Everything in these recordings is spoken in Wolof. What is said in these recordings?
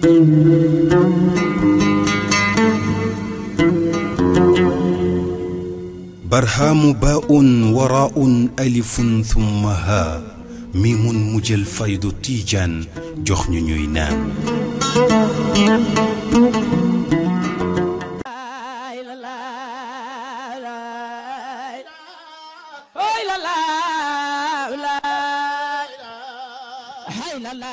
برهام باء وراء ألف ثم ها ميم مجلفيد تيجان جخن نينان لا لا لا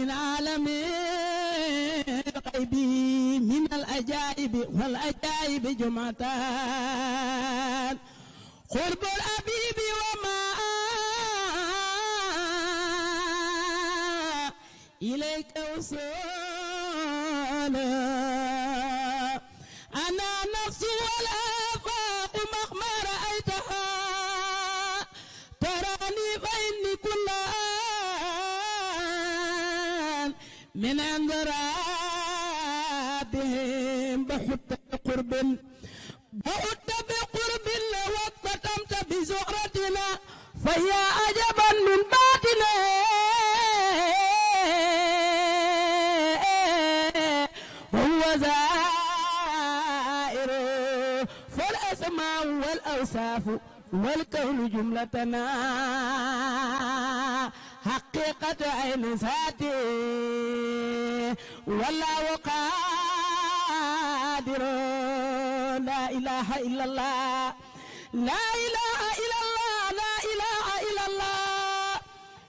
من عالم من الأجائب والأجائب جمعتان قرب الأبيب وما إليك وصول من انذرابهم بحط قرب بحط بقرب وقتمت بزهرتنا فيا عجبا من باطنا هو زائر فالاسماء والاوصاف والكون جملتنا حقيقة عين ذاتي والله قادر لا إله إلا الله لا إله إلا الله لا إله إلا الله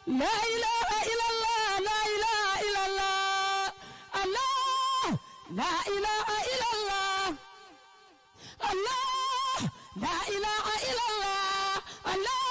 لا إله إلا الله لا إله إلا الله الله لا إله إلا الله الله لا إله إلا الله الله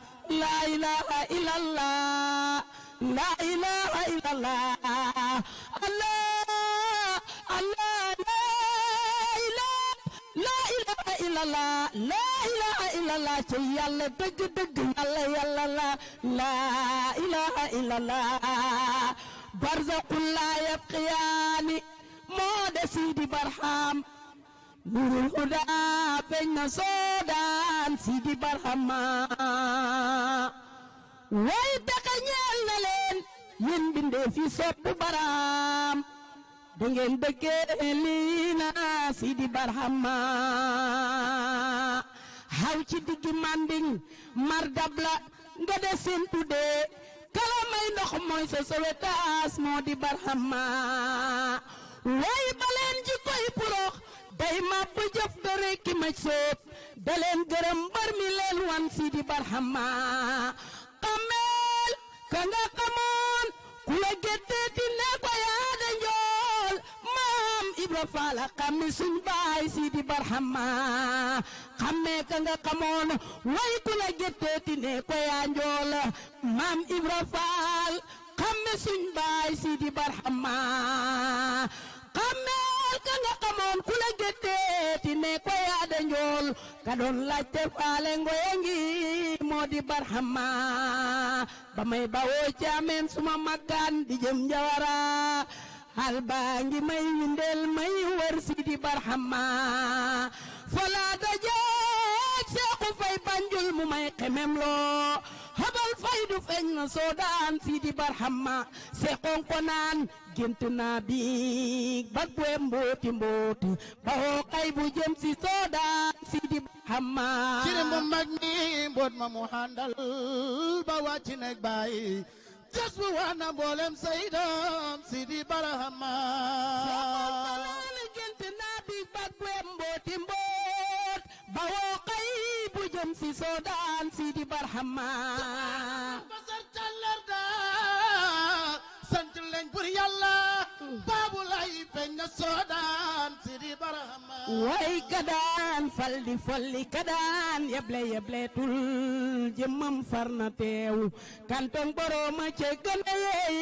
la ilaha illallah allah allah la la ilaha illallah la ilaha illallah dëgg dëgg la la ilaha illallah barzaqul la yabqiyaani moo Sidi Barham nurul huda beñ na Sidi Barham way bexe ñal na len yeen binde fi sopp baram da ngeen bëggee lii na sidi barhama haw ci diggi manding mar dabla nga de sen tudde kala may ndox mooy so sowetaas mo di barhama way balen ji koy purox day bu jëf dore ki ma sopp da leen gërëm mbër mi leen wan Sidi Barhama xameel ka nga xamoon ku la gëdd dina ko yaa njool maam Ibra Faal xam ni suñ baay Sidi Barhama xamee ka nga xamoon way ku la gëdd dina ko yaa njool maam Ibra Faal xamee suñ baay Sidi Barhama xameel ka nga xamoon ku la gëdd dina ko ka doon laajte faale ngoye ngi moo di barhama ba may bawoo caamen suma makkaan di jëm njawara hal baa ngi may windeel may wër sidi barhama folaata jeeg seexu fay banjul mu may xemem loo habal faydu feeñ na soodaan sidi barhama seexoon ko naan gént naa biig bag bu mbooti mbooti ba hoo kay bu jëm soodaan sidi hammaa ci mu mag mi mboot ma mu handal ba wàcc nekk baay jas bu wax na mboolem saydam sidi barahama samaanaale gént naa bi bag bu em mbooti ba woo xay bu jëm si soodaan sidi barahama dañ na soodaan barahama way kadaan faldi folli kadaan yeble yebletul jëmmam far na teew kantong borooma ce gën a yeey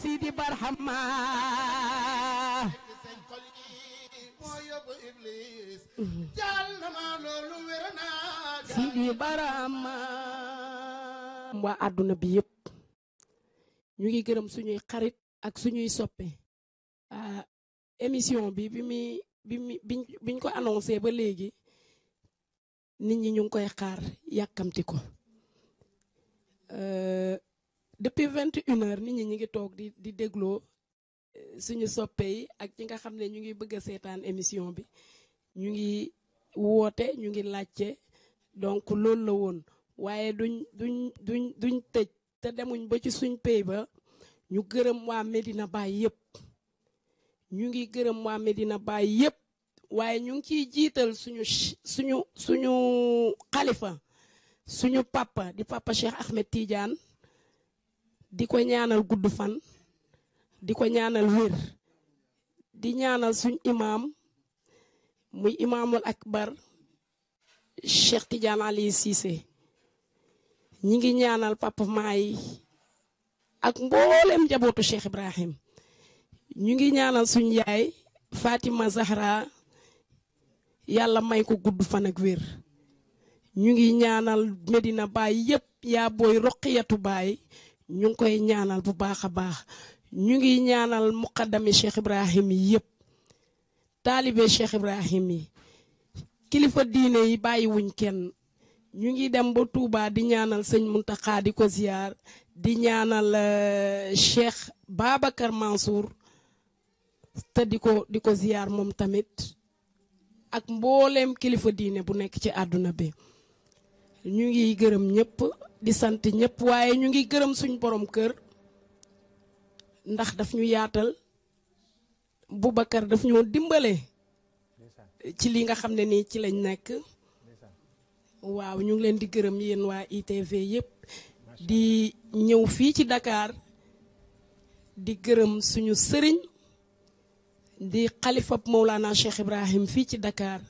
sidi barahama sidi barahama waa àdduna bi yépp ñu ngi gërëm suñuy xarit ak suñuy soppe ah, émission bi bi biñ ko annoncé ba léegi nit ñi ñu ngi koy xaar yàkkamti ko euh, depuis vingt et nit ñi ñu ngi toog di di dégloo euh, suñu soppe yi ak ñi nga xam ne ñu ngi bëgg a seetaan émission bi ñu ngi woote ñu ngi laajte donc loolu la woon waaye duñ duñ duñ duñ tëj te demuñ ba ci suñ pay ba ñu gërëm waa Medina Baye yëpp. ñu ngi gërëm waa Medina Baye yépp waaye ñu ngi ciy jiital suñu suñu suñu xalifa suñu papa di papa Cheikh Ahmed Tidiane di ko ñaanal gudd fan di ko ñaanal wér di ñaanal suñ imaam muy imaamul akbar Cheikh Tidiane Ali Cissé ñi ngi ñaanal papa maay ak mboolem njabootu Cheikh Ibrahim ñu ngi ñaanal suñ yaay Fatima Zahra yàlla may ko gudd fan ak wér ñu ngi ñaanal Medina Baye yëpp yaa booy roqiyatu Baye ñu ngi koy ñaanal bu baax a baax ñu ngi ñaanal muqaddami Cheikh Ibrahim yi yëpp taalibe Cheikh Ibrahim yi kilifa diine yi bàyyiwuñ kenn ñu ngi dem ba Touba di ñaanal sëñ Muntaxa di ko ziyaar di ñaanal euh, Cheikh Babacar Mansour te di ko di ko ziyaar moom tamit ak mbooleem kilifa diine bu nekk ci àdduna bi ñu ngi gërëm ñëpp di sant ñëpp waaye ñu ngi gërëm suñ boroom kër ndax daf ñu yaatal Boubacar daf ñoo dimbale ci li nga xam ne ni ci lañ nekk waaw ñu ngi leen di gërëm yéen waa ITV yépp di ñëw fii ci dakaar di gërëm suñu sëriñ di xalifab Mawlana Cheikh Ibrahim fii ci dakaar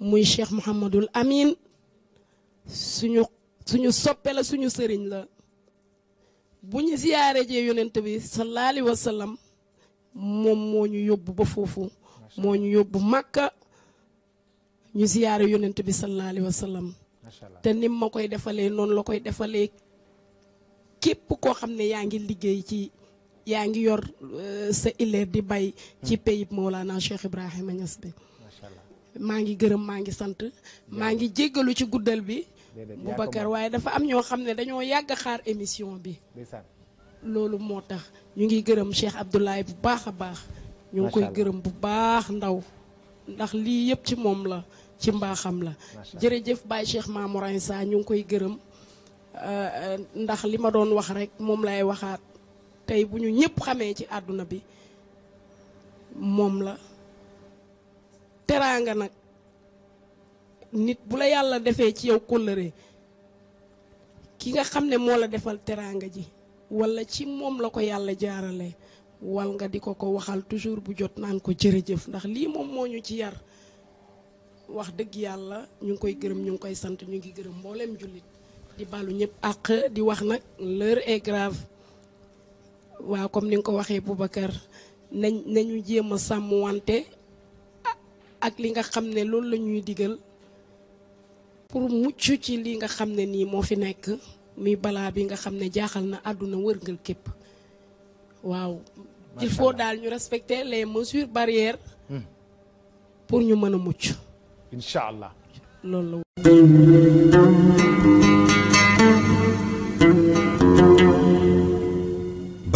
muy Cheikh Mouhamadul Amin suñu suñu soppe la suñu sëriñ la bu ñu ziyaare jee yonent bi sallallahu alayhi wa sallam moom moo ñu yóbbu ba foofu moo ñu yóbbu Makka ñu ziyaare yonent bi sallallahu alayhi wa sallam te nim ma koy defalee noonu la koy defalee képp koo xam ne yaa ngi liggéey ci yaa ngi yor euh, sa illeer di bay ci hmm. payib Mawlana Cheikh Ibrahima Niass bi maa ngi gërëm maa ngi sant maa ngi jéggalu ci guddal bi Boubacar waaye dafa am ñoo xam ne dañoo yàgg xaar émission bi loolu moo tax ñu ngi gërëm Cheikh Abdoulaye bu baax a baax ñu ngi koy gërëm bu baax ndaw ndax lii yëpp ci moom la ci mbaaxam la jërëjëf Baye Cheikh Mamour Insa ñu ngi koy gërëm euh, euh, ndax li ma doon wax rek moom lay waxaat tey bu ñu ñëpp xamee ci àdduna bi moom la teraanga nag nit bu la yàlla defee ci yow kóllëre ki nga xam ne moo la defal teraanga ji wala ci moom la ko yàlla jaarale wal nga di ko ko waxal toujours bu jot naan ko jërëjëf ndax lii moom moo ñu ci yar wax dëgg yàlla ñu ngi koy gërëm ñu ngi koy sant ñu ngi gërëm mbooleem jullit di balu ñëpp àq di wax nag l'heure est waaw comme ni nga ko waxee Boubacar nañ nañu jéem a sàmm wante ah, ak li nga xam ne loolu la ñuy digal pour mucc ci li nga xam ne nii moo fi nekk muy balaa bi nga xam ne jaaxal na àdduna wërngal képp waaw il faut daal ñu respecter les mesures barrières hmm. pour ñu mën a mucc incha allah loolu la